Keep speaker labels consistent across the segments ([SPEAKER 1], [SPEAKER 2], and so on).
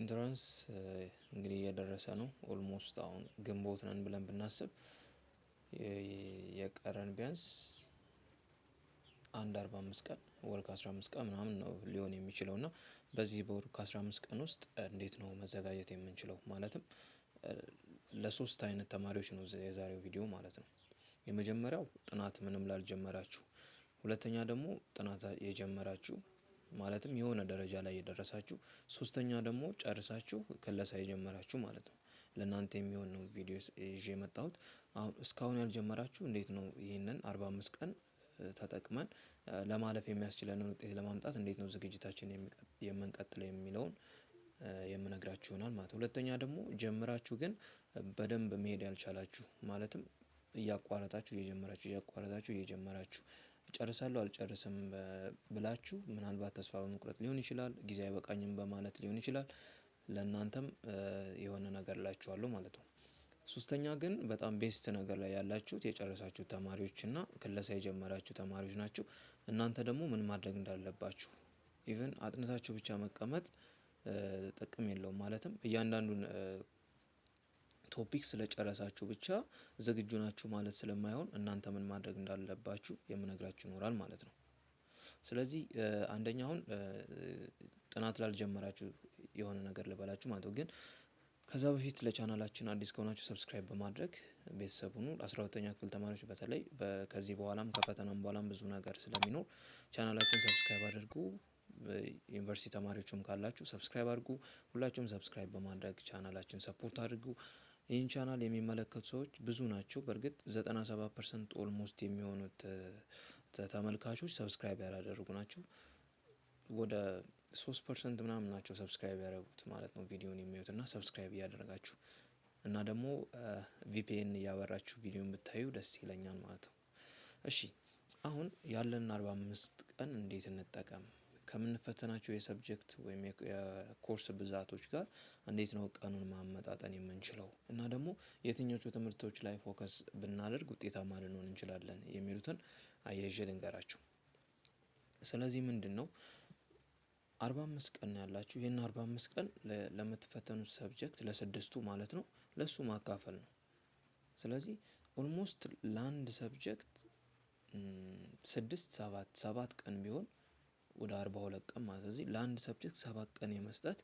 [SPEAKER 1] ኢንትራንስ እንግዲህ እየደረሰ ነው። ኦልሞስት አሁን ግንቦት ነን ብለን ብናስብ የቀረን ቢያንስ አንድ አርባ አምስት ቀን ወር ከአስራ አምስት ቀን ምናምን ነው ሊሆን የሚችለው እና በዚህ በወር ከአስራ አምስት ቀን ውስጥ እንዴት ነው መዘጋጀት የምንችለው? ማለትም ለሶስት አይነት ተማሪዎች ነው የዛሬው ቪዲዮ ማለት ነው። የመጀመሪያው ጥናት ምንም ላልጀመራችሁ፣ ሁለተኛ ደግሞ ጥናት የጀመራችሁ ማለትም የሆነ ደረጃ ላይ የደረሳችሁ፣ ሶስተኛ ደግሞ ጨርሳችሁ ክለሳ የጀመራችሁ ማለት ነው። ለእናንተ የሚሆን ነው ቪዲዮ ይዤ የመጣሁት። አሁን እስካሁን ያልጀመራችሁ እንዴት ነው ይህንን አርባ አምስት ቀን ተጠቅመን ለማለፍ የሚያስችለንን ውጤት ለማምጣት እንዴት ነው ዝግጅታችን የምንቀጥለው የሚለውን የምነግራችሁ ይሆናል ማለት ነው። ሁለተኛ ደግሞ ጀምራችሁ ግን በደንብ መሄድ ያልቻላችሁ ማለትም እያቋረጣችሁ እየጀመራችሁ እያቋረጣችሁ እየጀመራችሁ ጨርሳለሁ አልጨርስም ብላችሁ ምናልባት ተስፋ በመቁረጥ ሊሆን ይችላል ጊዜ አይበቃኝም በማለት ሊሆን ይችላል ለእናንተም የሆነ ነገር ላችኋለሁ ማለት ነው። ሶስተኛ ግን በጣም ቤስት ነገር ላይ ያላችሁት የጨረሳችሁ ተማሪዎች ክለሳ የጀመራችሁ ተማሪዎች ናችሁ። እናንተ ደግሞ ምን ማድረግ እንዳለባችሁ ኢቨን አጥንታችሁ ብቻ መቀመጥ ጥቅም የለውም። ማለትም እያንዳንዱን ቶፒክ ስለጨረሳችሁ ብቻ ዝግጁ ናችሁ ማለት ስለማይሆን እናንተ ምን ማድረግ እንዳለባችሁ የምነግራችሁ ይኖራል ማለት ነው። ስለዚህ አንደኛ አሁን ጥናት ላልጀመራችሁ የሆነ ነገር ልበላችሁ ማለት ነው። ግን ከዛ በፊት ለቻናላችን አዲስ ከሆናችሁ ሰብስክራይብ በማድረግ ቤተሰብ ሁኑ። አስራ ሁለተኛ ክፍል ተማሪዎች በተለይ ከዚህ በኋላም ከፈተናም በኋላም ብዙ ነገር ስለሚኖር ቻናላችን ሰብስክራይብ አድርጉ። ዩኒቨርሲቲ ተማሪዎችም ካላችሁ ሰብስክራይብ አድርጉ። ሁላችሁም ሰብስክራይብ በማድረግ ቻናላችን ሰፖርት አድርጉ። ይህን ቻናል የሚመለከቱ ሰዎች ብዙ ናቸው። በእርግጥ 97 ፐርሰንት ኦልሞስት የሚሆኑት ተመልካቾች ሰብስክራይብ ያላደረጉ ናቸው። ወደ ሶስት ፐርሰንት ምናምን ናቸው ሰብስክራይብ ያደረጉት ማለት ነው ቪዲዮን የሚዩት እና ሰብስክራይብ እያደረጋችሁ እና ደግሞ ቪፒኤን እያበራችሁ ቪዲዮን ብታዩ ደስ ይለኛል ማለት ነው። እሺ አሁን ያለን አርባ አምስት ቀን እንዴት እንጠቀም? ከምንፈተናቸው የሰብጀክት ወይም የኮርስ ብዛቶች ጋር እንዴት ነው ቀኑን ማመጣጠን የምንችለው እና ደግሞ የትኞቹ ትምህርቶች ላይ ፎከስ ብናደርግ ውጤታማ ልንሆን እንችላለን የሚሉትን አያይዤ ልንገራችሁ። ስለዚህ ምንድን ነው አርባ አምስት ቀን ያላችሁ ይህን አርባ አምስት ቀን ለምትፈተኑት ሰብጀክት ለስድስቱ ማለት ነው ለእሱ ማካፈል ነው። ስለዚህ ኦልሞስት ለአንድ ሰብጀክት ስድስት ሰባት ሰባት ቀን ቢሆን ወደ አርባ ሁለት ቀን ማለት ስለዚህ ለአንድ ሰብጀክት ሰባት ቀን የመስጠት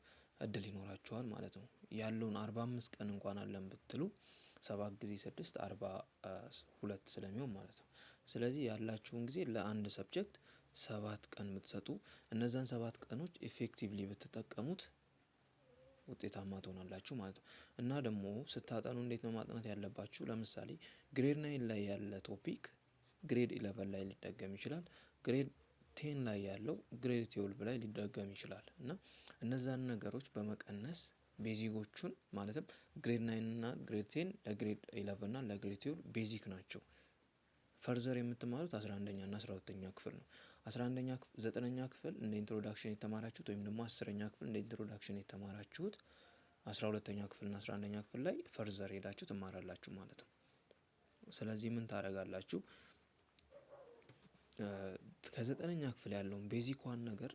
[SPEAKER 1] እድል ይኖራቸዋል ማለት ነው። ያለውን አርባ አምስት ቀን እንኳን አለን ብትሉ ሰባት ጊዜ ስድስት አርባ ሁለት ስለሚሆን ማለት ነው። ስለዚህ ያላችሁን ጊዜ ለአንድ ሰብጀክት ሰባት ቀን ብትሰጡ እነዛን ሰባት ቀኖች ኢፌክቲቭሊ ብትጠቀሙት ውጤታማ ትሆናላችሁ ማለት ነው። እና ደግሞ ስታጠኑ እንዴት ነው ማጥናት ያለባችሁ? ለምሳሌ ግሬድ ናይን ላይ ያለ ቶፒክ ግሬድ ኢለቨን ላይ ሊደገም ይችላል። ግሬድ ቴን ላይ ያለው ግሬድ ቴውልቭ ላይ ሊደገም ይችላል እና እነዛን ነገሮች በመቀነስ ቤዚኮቹን ማለትም ግሬድ ናይን እና ግሬድ ቴን ለግሬድ ኢለቨን እና ለግሬድ ቴውል ቤዚክ ናቸው። ፈርዘር የምትማሩት 11ኛ እና 12ኛ ክፍል ነው። 11ኛ ክፍል ክፍል እንደ ኢንትሮዳክሽን የተማራችሁት ወይም ደግሞ አስረኛ ኛ ክፍል እንደ ኢንትሮዳክሽን የተማራችሁት 12ኛ ክፍል እና 11ኛ ክፍል ላይ ፈርዘር ሄዳችሁ ትማራላችሁ ማለት ነው። ስለዚህ ምን ታደርጋላችሁ? ከዘጠነኛ ክፍል ያለውን ቤዚኳን ነገር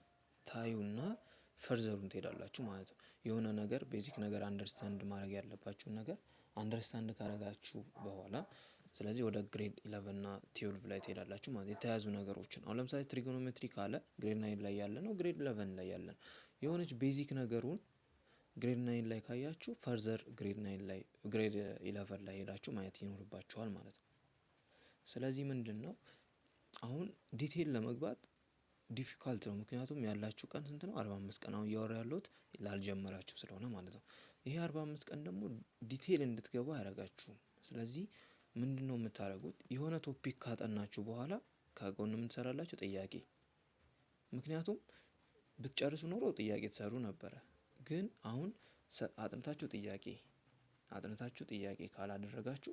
[SPEAKER 1] ታዩና ፈርዘሩን ትሄዳላችሁ ማለት ነው። የሆነ ነገር ቤዚክ ነገር አንደርስታንድ ማድረግ ያለባችሁን ነገር አንደርስታንድ ካረጋችሁ በኋላ ስለዚህ ወደ ግሬድ ኢለቨን እና ላይ ትሄዳላችሁ ማለት የተያዙ ነገሮችን አሁን ለምሳሌ ትሪጎኖሜትሪ ካለ ግሬድ ናይን ላይ ያለ ነው፣ ግሬድ ኢለቨን ላይ ያለ ነው። የሆነች ቤዚክ ነገሩን ግሬድ ናይን ላይ ካያችሁ ፈርዘር ግሬድ ናይን ላይ ግሬድ ኢለቨን ላይ ሄዳችሁ ማየት ይኖርባችኋል ማለት ነው። ስለዚህ ምንድን ነው አሁን ዲቴል ለመግባት ዲፊካልት ነው። ምክንያቱም ያላችሁ ቀን ስንት ነው? አርባ አምስት ቀን። አሁን እያወራ ያለሁት ላልጀመራችሁ ስለሆነ ማለት ነው። ይሄ አርባ አምስት ቀን ደግሞ ዲቴል እንድትገቡ አያደርጋችሁም። ስለዚህ ምንድን ነው የምታደርጉት? የሆነ ቶፒክ ካጠናችሁ በኋላ ከጎን የምትሰራላችሁ ጥያቄ። ምክንያቱም ብትጨርሱ ኖሮ ጥያቄ ትሰሩ ነበረ። ግን አሁን አጥንታችሁ ጥያቄ አጥንታችሁ ጥያቄ ካላደረጋችሁ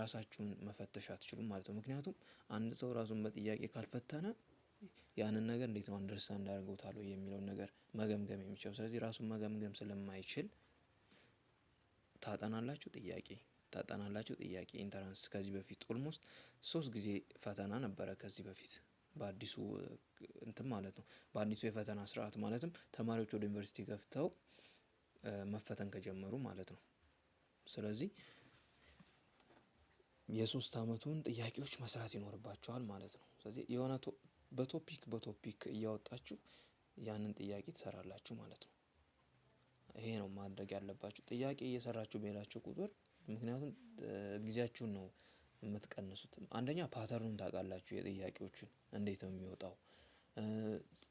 [SPEAKER 1] ራሳችሁን መፈተሽ አትችሉም ማለት ነው። ምክንያቱም አንድ ሰው ራሱን በጥያቄ ካልፈተነ ያንን ነገር እንዴት ነው አንደርስታ አድርገውታል የሚለውን ነገር መገምገም የሚችለው። ስለዚህ ራሱን መገምገም ስለማይችል ታጠናላችሁ ጥያቄ ታጠናላችሁ ጥያቄ ኢንተራንስ ከዚህ በፊት ኦልሞስት ሶስት ጊዜ ፈተና ነበረ ከዚህ በፊት በአዲሱ እንትን ማለት ነው በአዲሱ የፈተና ስርዓት ማለትም ተማሪዎች ወደ ዩኒቨርሲቲ ገፍተው መፈተን ከጀመሩ ማለት ነው። ስለዚህ የሶስት አመቱን ጥያቄዎች መስራት ይኖርባቸዋል ማለት ነው። ስለዚህ የሆነ በቶፒክ በቶፒክ እያወጣችሁ ያንን ጥያቄ ትሰራላችሁ ማለት ነው። ይሄ ነው ማድረግ ያለባችሁ ጥያቄ እየሰራችሁ በሄዳችሁ ቁጥር ምክንያቱም ጊዜያችሁን ነው የምትቀንሱት። አንደኛ ፓተርኑን ታውቃላችሁ የጥያቄዎቹን እንዴት ነው የሚወጣው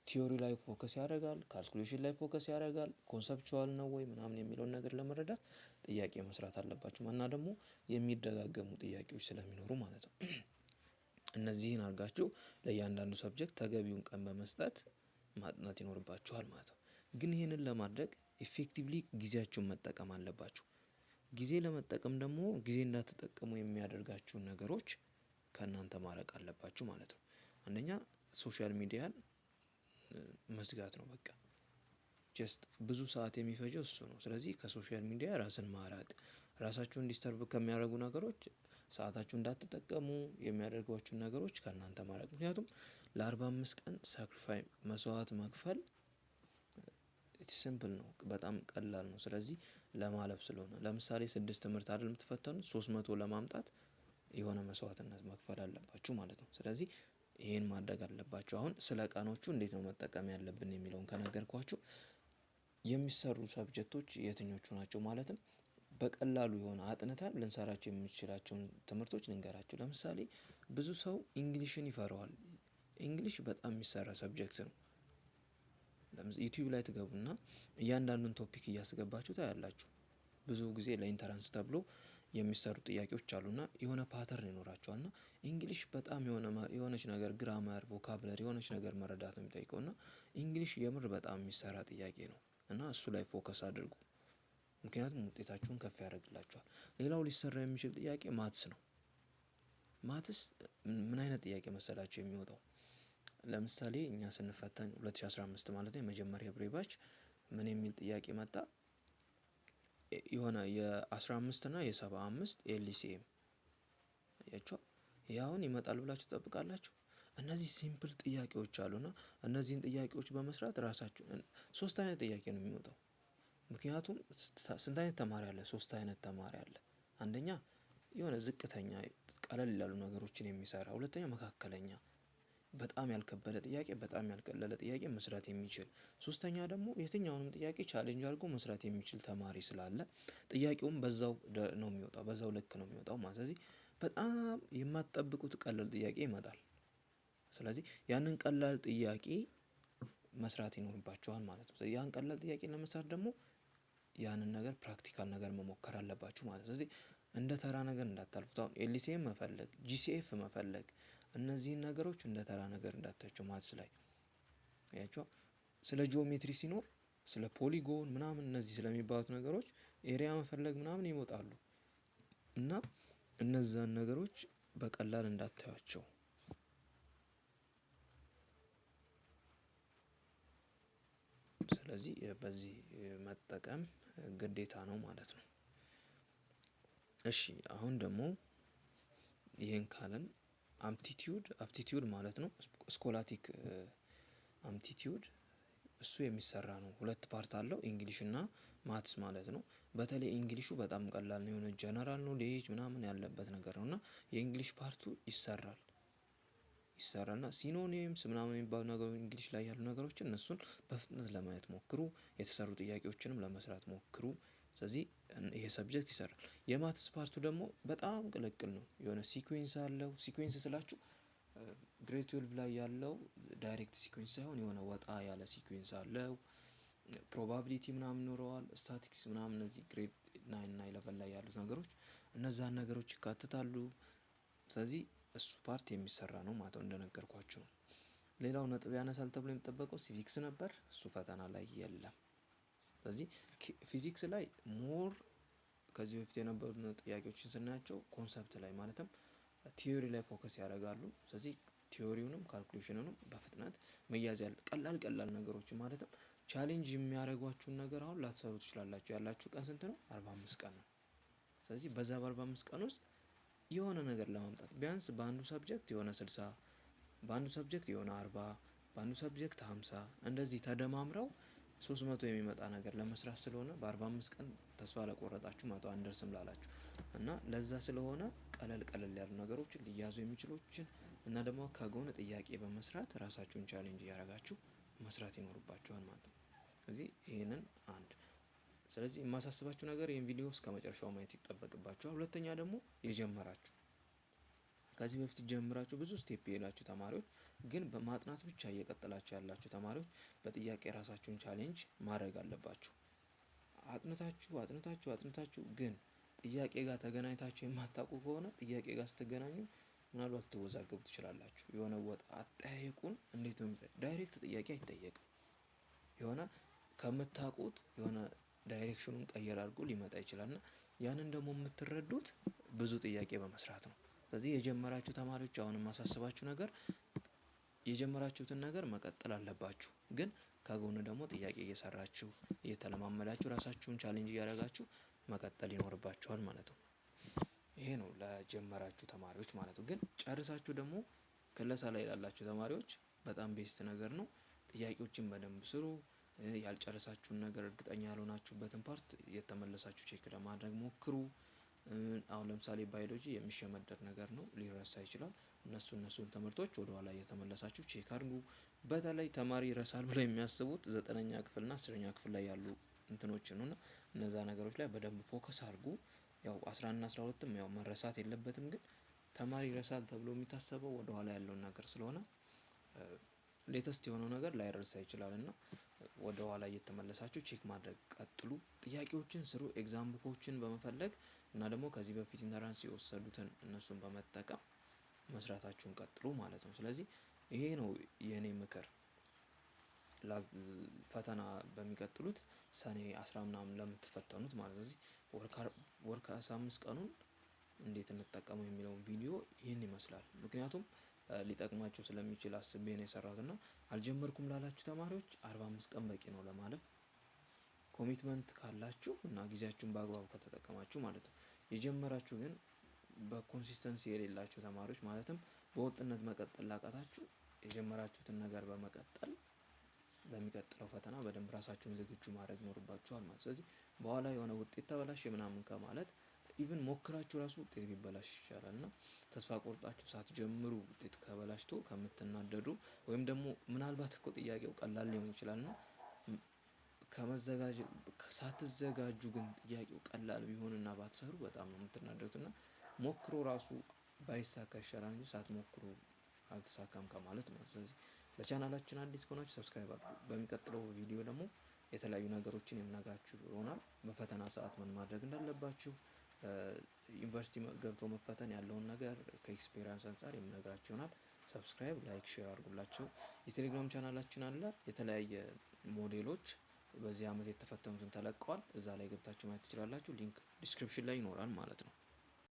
[SPEAKER 1] ቲዮሪ ላይ ፎከስ ያደርጋል፣ ካልኩሌሽን ላይ ፎከስ ያደርጋል፣ ኮንሰፕቹዋል ነው ወይ ምናምን የሚለውን ነገር ለመረዳት ጥያቄ መስራት አለባቸው እና ደግሞ የሚደጋገሙ ጥያቄዎች ስለሚኖሩ ማለት ነው። እነዚህን አድርጋችሁ ለእያንዳንዱ ሰብጀክት ተገቢውን ቀን በመስጠት ማጥናት ይኖርባችኋል ማለት ነው። ግን ይህንን ለማድረግ ኢፌክቲቭሊ ጊዜያችሁን መጠቀም አለባችሁ። ጊዜ ለመጠቀም ደግሞ ጊዜ እንዳትጠቀሙ የሚያደርጋችሁን ነገሮች ከእናንተ ማድረግ አለባችሁ ማለት ነው። አንደኛ ሶሻል ሚዲያን መዝጋት ነው። በቃ ጀስት ብዙ ሰዓት የሚፈጀው እሱ ነው። ስለዚህ ከሶሻል ሚዲያ ራስን ማራቅ፣ ራሳችሁን ዲስተርብ ከሚያደርጉ ነገሮች ሰዓታችሁ እንዳትጠቀሙ የሚያደርጓችሁን ነገሮች ከእናንተ ማራቅ። ምክንያቱም ለአርባ አምስት ቀን ሳክሪፋይ መስዋዕት መክፈል ሲምፕል ነው፣ በጣም ቀላል ነው። ስለዚህ ለማለፍ ስለሆነ ለምሳሌ ስድስት ትምህርት አይደል የምትፈተኑት፣ ሶስት መቶ ለማምጣት የሆነ መስዋዕትነት መክፈል አለባችሁ ማለት ነው። ስለዚህ ይሄን ማድረግ አለባቸው። አሁን ስለ ቀኖቹ እንዴት ነው መጠቀም ያለብን የሚለውን ከነገርኳችሁ የሚሰሩ ሰብጀክቶች የትኞቹ ናቸው ማለትም በቀላሉ የሆነ አጥንተን ልንሰራቸው የምንችላቸውን ትምህርቶች ልንገራቸው። ለምሳሌ ብዙ ሰው እንግሊሽን ይፈራዋል። እንግሊሽ በጣም የሚሰራ ሰብጀክት ነው። ዩቲዩብ ላይ ትገቡና እያንዳንዱን ቶፒክ እያስገባችሁ ታያላችሁ። ብዙ ጊዜ ለኢንተራንስ ተብሎ የሚሰሩ ጥያቄዎች አሉና የሆነ ፓተርን ይኖራቸዋል እና እንግሊሽ በጣም የሆነች ነገር ግራመር፣ ቮካብለር የሆነች ነገር መረዳት ነው የሚጠይቀው እና እንግሊሽ የምር በጣም የሚሰራ ጥያቄ ነው እና እሱ ላይ ፎከስ አድርጉ። ምክንያቱም ውጤታችሁን ከፍ ያደርግላችኋል። ሌላው ሊሰራ የሚችል ጥያቄ ማትስ ነው። ማትስ ምን አይነት ጥያቄ መሰላቸው የሚወጣው? ለምሳሌ እኛ ስንፈተን 2015 ማለት ነው የመጀመሪያ ብሬባች ምን የሚል ጥያቄ መጣ? የሆነ የአስራ 15 እና የሰባ 75 ኤልሲኤም ያቸው ይሄ አሁን ይመጣል ብላችሁ ትጠብቃላችሁ። እነዚህ ሲምፕል ጥያቄዎች አሉና እነዚህን ጥያቄዎች በመስራት ራሳችሁ ሶስት አይነት ጥያቄ ነው የሚወጣው። ምክንያቱም ስንት አይነት ተማሪ አለ? ሶስት አይነት ተማሪ አለ። አንደኛ የሆነ ዝቅተኛ ቀለል ያሉ ነገሮችን የሚሰራ፣ ሁለተኛ መካከለኛ በጣም ያልከበደ ጥያቄ፣ በጣም ያልቀለለ ጥያቄ መስራት የሚችል ሶስተኛ ደግሞ የትኛውንም ጥያቄ ቻሌንጅ አድርጎ መስራት የሚችል ተማሪ ስላለ ጥያቄውም በዛው ነው የሚወጣው፣ በዛው ልክ ነው የሚወጣው ማለት ስለዚህ በጣም የማትጠብቁት ቀላል ጥያቄ ይመጣል። ስለዚህ ያንን ቀላል ጥያቄ መስራት ይኖርባችኋል ማለት ነው። ያን ቀላል ጥያቄ ለመስራት ደግሞ ያንን ነገር ፕራክቲካል ነገር መሞከር አለባችሁ ማለት ነው። ስለዚህ እንደ ተራ ነገር እንዳታልፉት። አሁን ኤልሲኤም መፈለግ፣ ጂሲኤፍ መፈለግ እነዚህን ነገሮች እንደ ተራ ነገር እንዳታቸው ማትስ ላይ ያቸው ስለ ጂኦሜትሪ ሲኖር ስለ ፖሊጎን ምናምን እነዚህ ስለሚባሉት ነገሮች ኤሪያ መፈለግ ምናምን ይወጣሉ እና እነዛን ነገሮች በቀላል እንዳታያቸው ስለዚህ በዚህ መጠቀም ግዴታ ነው ማለት ነው። እሺ አሁን ደግሞ ይህን ካለን አምቲቲዩድ አፕቲቲዩድ ማለት ነው። ስኮላቲክ አምቲቲዩድ እሱ የሚሰራ ነው። ሁለት ፓርት አለው እንግሊሽ እና ማትስ ማለት ነው። በተለይ እንግሊሹ በጣም ቀላል ነው። የሆነ ጀነራል ነው ሌጅ ምናምን ያለበት ነገር ነው እና የእንግሊሽ ፓርቱ ይሰራል ይሰራና ሲኖኒምስ ምናምን የሚባሉ ነገሩ እንግሊሽ ላይ ያሉ ነገሮችን እነሱን በፍጥነት ለማየት ሞክሩ። የተሰሩ ጥያቄዎችንም ለመስራት ሞክሩ። ስለዚህ ይሄ ሰብጀክት ይሰራል። የማትስ ፓርቱ ደግሞ በጣም ቅልቅል ነው። የሆነ ሲኩዌንስ አለው። ሲኩዌንስ ስላችሁ ግሬድ ትዌልቭ ላይ ያለው ዳይሬክት ሲኩዌንስ ሳይሆን የሆነ ወጣ ያለ ሲኩዌንስ አለው። ፕሮባቢሊቲ ምናምን ይኖረዋል። ስታቲክስ ምናምን እነዚህ ግሬድ ናይን እና ኢለቨን ላይ ያሉት ነገሮች እነዛን ነገሮች ይካተታሉ። ስለዚህ እሱ ፓርት የሚሰራ ነው ማለት ነው። እንደነገርኳችሁ ነው። ሌላው ነጥብ ያነሳል ተብሎ የሚጠበቀው ሲቪክስ ነበር። እሱ ፈተና ላይ የለም። ስለዚህ ፊዚክስ ላይ ሞር ከዚህ በፊት የነበሩ ጥያቄዎችን ስናያቸው ኮንሰፕት ላይ ማለትም ቲዮሪ ላይ ፎከስ ያደርጋሉ። ስለዚህ ቲዮሪውንም ካልኩሌሽንንም በፍጥነት መያዝ ያለ ቀላል ቀላል ነገሮችን ማለትም ቻሌንጅ የሚያደርጓችሁን ነገር አሁን ላትሰሩ ትችላላችሁ። ያላችሁ ቀን ስንት ነው? አርባ አምስት ቀን ነው። ስለዚህ በዛ በአርባ አምስት ቀን ውስጥ የሆነ ነገር ለማምጣት ቢያንስ በአንዱ ሰብጀክት የሆነ ስልሳ በአንዱ ሰብጀክት የሆነ አርባ በአንዱ ሰብጀክት ሀምሳ እንደዚህ ተደማምረው ሶስት መቶ የሚመጣ ነገር ለመስራት ስለሆነ በአርባ አምስት ቀን ተስፋ ለቆረጣችሁ መቶ አንደርስም ላላችሁ እና ለዛ ስለሆነ ቀለል ቀለል ያሉ ነገሮችን ሊያዙ የሚችሎችን እና ደግሞ ከጎን ጥያቄ በመስራት ራሳችሁን ቻሌንጅ እያረጋችሁ መስራት ይኖርባችኋል ማለት ነው። እዚህ ይህንን አንድ ስለዚህ የማሳስባችሁ ነገር ይህን ቪዲዮ እስከ መጨረሻው ማየት ይጠበቅባችኋል። ሁለተኛ ደግሞ የጀመራችሁ ከዚህ በፊት ጀምራችሁ ብዙ ስቴፕ የሄዳችሁ ተማሪዎች ግን በማጥናት ብቻ እየቀጠላችሁ ያላችሁ ተማሪዎች በጥያቄ ራሳችሁን ቻሌንጅ ማድረግ አለባችሁ። አጥንታችሁ አጥንታችሁ አጥንታችሁ ግን ጥያቄ ጋር ተገናኝታችሁ የማታውቁ ከሆነ ጥያቄ ጋር ስትገናኙ ምናልባት ትወዛገቡ ትችላላችሁ። የሆነ ወጥ አጠያየቁን እንዴት ነው ዳይሬክት ጥያቄ አይጠየቅም። የሆነ ከምታውቁት የሆነ ዳይሬክሽኑን ቀየር አድርጎ ሊመጣ ይችላል እና ያንን ደግሞ የምትረዱት ብዙ ጥያቄ በመስራት ነው። ስለዚህ የጀመራችሁ ተማሪዎች አሁን የማሳስባችሁ ነገር የጀመራችሁትን ነገር መቀጠል አለባችሁ። ግን ከጎን ደግሞ ጥያቄ እየሰራችሁ እየተለማመዳችሁ ራሳችሁን ቻሌንጅ እያደረጋችሁ መቀጠል ይኖርባችኋል ማለት ነው። ይሄ ነው ለጀመራችሁ ተማሪዎች ማለት ነው። ግን ጨርሳችሁ ደግሞ ክለሳ ላይ ላላችሁ ተማሪዎች በጣም ቤስት ነገር ነው። ጥያቄዎችን በደንብ ስሩ። ያልጨረሳችሁን ነገር እርግጠኛ ያልሆናችሁበትን ፓርት የተመለሳችሁ ቼክ ለማድረግ ሞክሩ። አሁን ለምሳሌ ባዮሎጂ የሚሸመደር ነገር ነው፣ ሊረሳ ይችላል። እነሱ እነሱን ትምህርቶች ወደኋላ እየተመለሳችሁ ቼክ አድርጉ። በተለይ ተማሪ ይረሳል ብለው የሚያስቡት ዘጠነኛ ክፍልና አስረኛ ክፍል ላይ ያሉ እንትኖች ነው እና እነዛ ነገሮች ላይ በደንብ ፎከስ አድርጉ። ያው አስራ አንድ አስራ ሁለትም ያው መረሳት የለበትም ግን ተማሪ ይረሳል ተብሎ የሚታሰበው ወደኋላ ያለውን ነገር ስለሆነ ሌተስት የሆነው ነገር ላይረሳ ይችላል እና ወደ ኋላ እየተመለሳችሁ ቼክ ማድረግ ቀጥሉ። ጥያቄዎችን ስሩ፣ ኤግዛም ቡኮችን በመፈለግ እና ደግሞ ከዚህ በፊት ኢንተራንስ የወሰዱትን እነሱን በመጠቀም መስራታችሁን ቀጥሉ ማለት ነው። ስለዚህ ይሄ ነው የእኔ ምክር። ፈተና በሚቀጥሉት ሰኔ አስራ ምናምን ለምትፈተኑት ማለት ነው። እዚህ ወር ከአስራ አምስት ቀኑን እንዴት እንጠቀመው የሚለውን ቪዲዮ ይህን ይመስላል። ምክንያቱም ሊጠቅማቸው ስለሚችል አስቤ ነው የሰራሁት እና አልጀመርኩም ላላችሁ ተማሪዎች አርባ አምስት ቀን በቂ ነው ለማለፍ ኮሚትመንት ካላችሁ እና ጊዜያችሁን በአግባቡ ከተጠቀማችሁ ማለት ነው። የጀመራችሁ ግን በኮንሲስተንሲ የሌላችሁ ተማሪዎች ማለትም በወጥነት መቀጠል ላቃታችሁ የጀመራችሁትን ነገር በመቀጠል ለሚቀጥለው ፈተና በደንብ ራሳችሁን ዝግጁ ማድረግ ይኖርባችኋል ማለት ስለዚህ በኋላ የሆነ ውጤት ተበላሽ ምናምን ከማለት ኢቭን ሞክራችሁ ራሱ ውጤት ቢበላሽ ይሻላል እና ተስፋ ቆርጣችሁ ሳትጀምሩ ውጤት ከበላሽቶ ከምትናደዱ ወይም ደግሞ ምናልባት እኮ ጥያቄው ቀላል ሊሆን ይችላል እና ከመዘጋጀት ሳትዘጋጁ ግን ጥያቄው ቀላል ቢሆንና ባትሰሩ በጣም ነው የምትናደዱት እና ሞክሮ ራሱ ባይሳካ ይሻላል እንጂ ሳትሞክሩ አልተሳካም ከማለት ነው። ስለዚህ ለቻናላችን አዲስ ከሆናችሁ ሰብስክራይብ አድርጉ። በሚቀጥለው ቪዲዮ ደግሞ የተለያዩ ነገሮችን የምነግራችሁ ይሆናል። በፈተና ሰዓት ምን ማድረግ እንዳለባችሁ ዩኒቨርሲቲ ገብቶ መፈተን ያለውን ነገር ከኤክስፔሪንስ አንጻር የምነግራችሁ ይሆናል። ሰብስክራይብ፣ ላይክ፣ ሼር አድርጉላቸው። የቴሌግራም ቻናላችን አለ። የተለያየ ሞዴሎች በዚህ አመት የተፈተኑትን ተለቀዋል። እዛ ላይ ገብታችሁ ማየት ትችላላችሁ። ሊንክ ዲስክሪፕሽን ላይ ይኖራል ማለት ነው።